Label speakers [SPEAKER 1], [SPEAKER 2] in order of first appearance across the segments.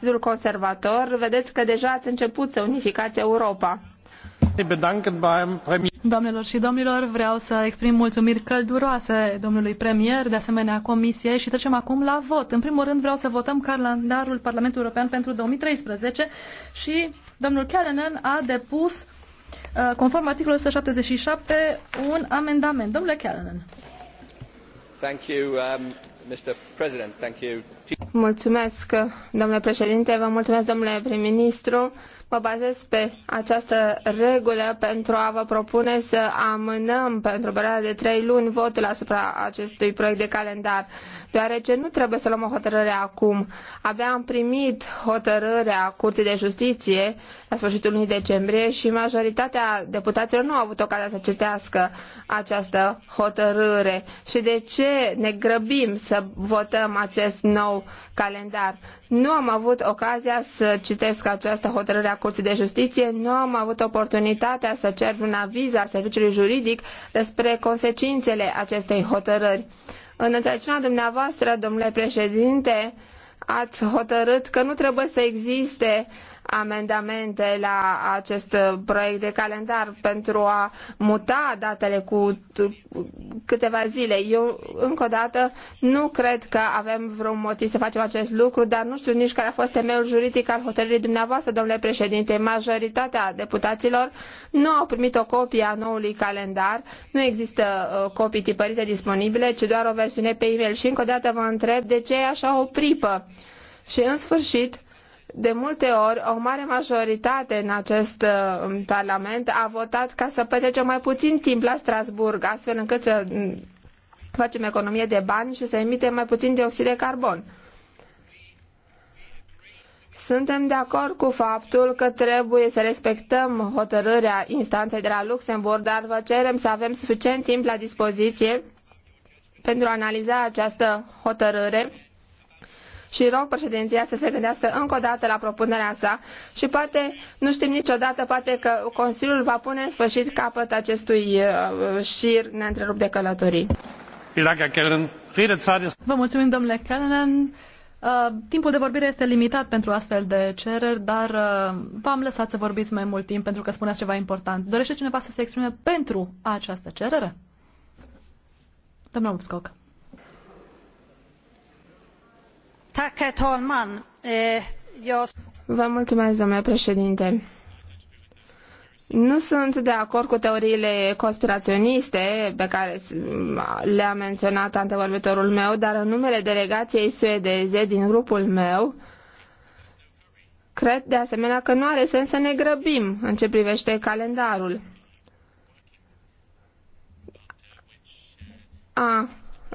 [SPEAKER 1] Partidul Conservator, vedeți că deja ați început să unificați Europa.
[SPEAKER 2] Doamnelor și domnilor, vreau să exprim mulțumiri călduroase domnului premier, de asemenea comisiei și trecem acum la vot. În primul rând vreau să votăm calendarul Parlamentului European pentru 2013 și domnul Kellenen a depus, uh, conform articolului 177, un amendament. Domnule Kellenen.
[SPEAKER 1] Thank you, um... Mulțumesc, domnule președinte, vă mulțumesc, domnule prim-ministru. Mă bazez pe această regulă pentru a vă propune să amânăm pentru o perioadă de trei luni votul asupra acestui proiect de calendar, deoarece nu trebuie să luăm o hotărâre acum. Abia am primit hotărârea Curții de Justiție la sfârșitul lunii decembrie și majoritatea deputaților nu au avut ocazia să citească această hotărâre. Și de ce ne grăbim să votăm acest nou calendar. Nu am avut ocazia să citesc această hotărâre a Curții de Justiție, nu am avut oportunitatea să cer un aviz al serviciului juridic despre consecințele acestei hotărâri. În înțelegerea dumneavoastră, domnule președinte, ați hotărât că nu trebuie să existe amendamente la acest proiect de calendar pentru a muta datele cu câteva zile. Eu, încă o dată, nu cred că avem vreun motiv să facem acest lucru, dar nu știu nici care a fost temeiul juridic al hotărârii dumneavoastră, domnule președinte. Majoritatea deputaților nu au primit o copie a noului calendar, nu există uh, copii tipărite disponibile, ci doar o versiune pe e-mail. Și încă o dată vă întreb de ce e așa o pripă. Și în sfârșit, de multe ori o mare majoritate în acest uh, Parlament a votat ca să petrecem mai puțin timp la Strasbourg, astfel încât să mm, facem economie de bani și să emitem mai puțin dioxid de carbon. Suntem de acord cu faptul că trebuie să respectăm hotărârea instanței de la Luxemburg, dar vă cerem să avem suficient timp la dispoziție pentru a analiza această hotărâre și rog președinția să se gândească încă o dată la propunerea sa și poate, nu știm niciodată, poate că Consiliul va pune în sfârșit capăt acestui uh, șir neîntrerupt de călătorii. Vă mulțumim, domnule Kellenen. Uh, timpul de vorbire este limitat pentru
[SPEAKER 2] astfel de cereri, dar uh, v-am lăsat să vorbiți mai mult timp pentru că spuneați ceva important. Dorește cineva să se exprime pentru această cerere? Domnul Upscoc. Eh,
[SPEAKER 1] nu sunt de acord cu teoriile conspiraționiste pe care le-a menționat antevorbitorul meu, dar în numele delegației suedeze din grupul meu, cred de asemenea că nu are sens să ne grăbim în ce privește calendarul. A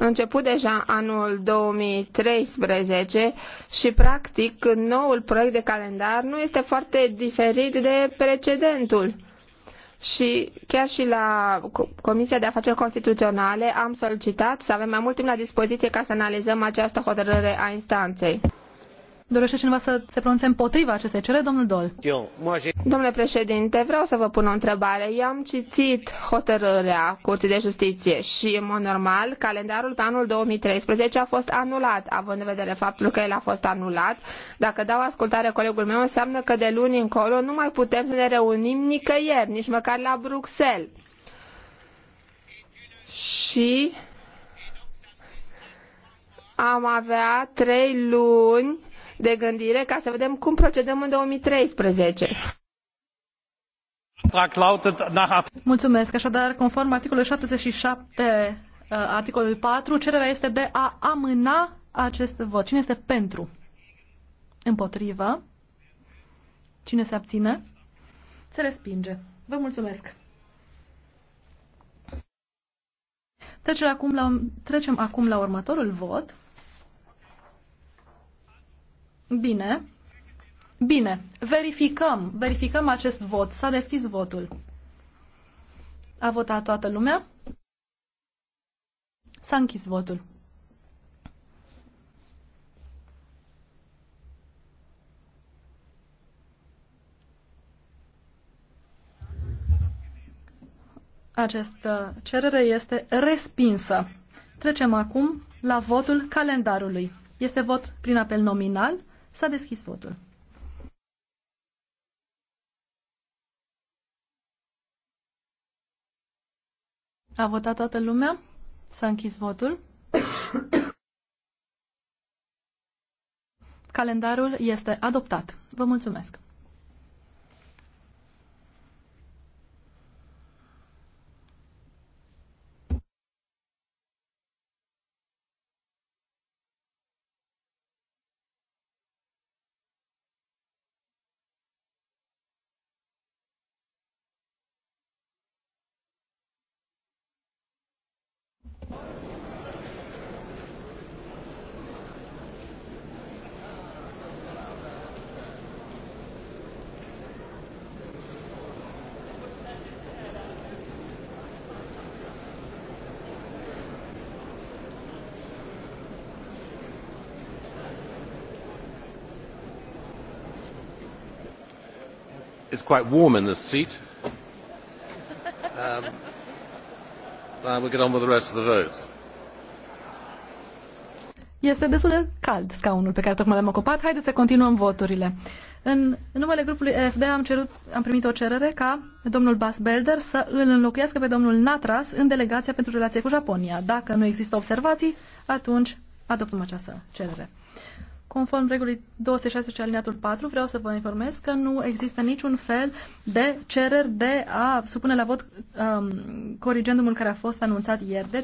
[SPEAKER 1] început deja anul 2013 și practic noul proiect de calendar nu este foarte diferit de precedentul. Și chiar și la Comisia de Afaceri Constituționale am solicitat să avem mai mult timp la dispoziție ca să analizăm această hotărâre a instanței. Dorește cineva să se pronunțe împotriva acestei cere, Domnul Dol. Eu, Domnule președinte, vreau să vă pun o întrebare. Eu am citit hotărârea Curții de Justiție și, în mod normal, calendarul pe anul 2013 a fost anulat, având în vedere faptul că el a fost anulat. Dacă dau ascultare colegul meu, înseamnă că de luni încolo nu mai putem să ne reunim nicăieri, nici măcar la Bruxelles. Și am avea trei luni de gândire ca să vedem cum procedăm în 2013.
[SPEAKER 2] Mulțumesc. Așadar, conform articolului 77, uh, articolul 4, cererea este de a amâna acest vot. Cine este pentru? Împotrivă? Cine se abține? Se respinge. Vă mulțumesc. Trecem acum la, trecem acum la următorul vot. Bine. Bine. Verificăm. Verificăm acest vot. S-a deschis votul. A votat toată lumea? S-a închis votul. Această cerere este respinsă. Trecem acum la votul calendarului. Este vot prin apel nominal. S-a deschis votul. A votat toată lumea? S-a închis votul. Calendarul este adoptat. Vă mulțumesc!
[SPEAKER 1] It's quite warm in this seat. Um, and we'll get on with the rest of the votes.
[SPEAKER 2] Este destul de cald scaunul pe care tocmai l-am ocupat. Haideți să continuăm voturile. În numele grupului EFD am, cerut, am primit o cerere ca domnul Bas Belder să îl înlocuiască pe domnul Natras în delegația pentru relație cu Japonia. Dacă nu există observații, atunci adoptăm această cerere. Conform regulii 216 alineatul 4, vreau să vă informez că nu există niciun fel de cereri de a supune la vot um, corigendumul care a fost anunțat ieri. Deci,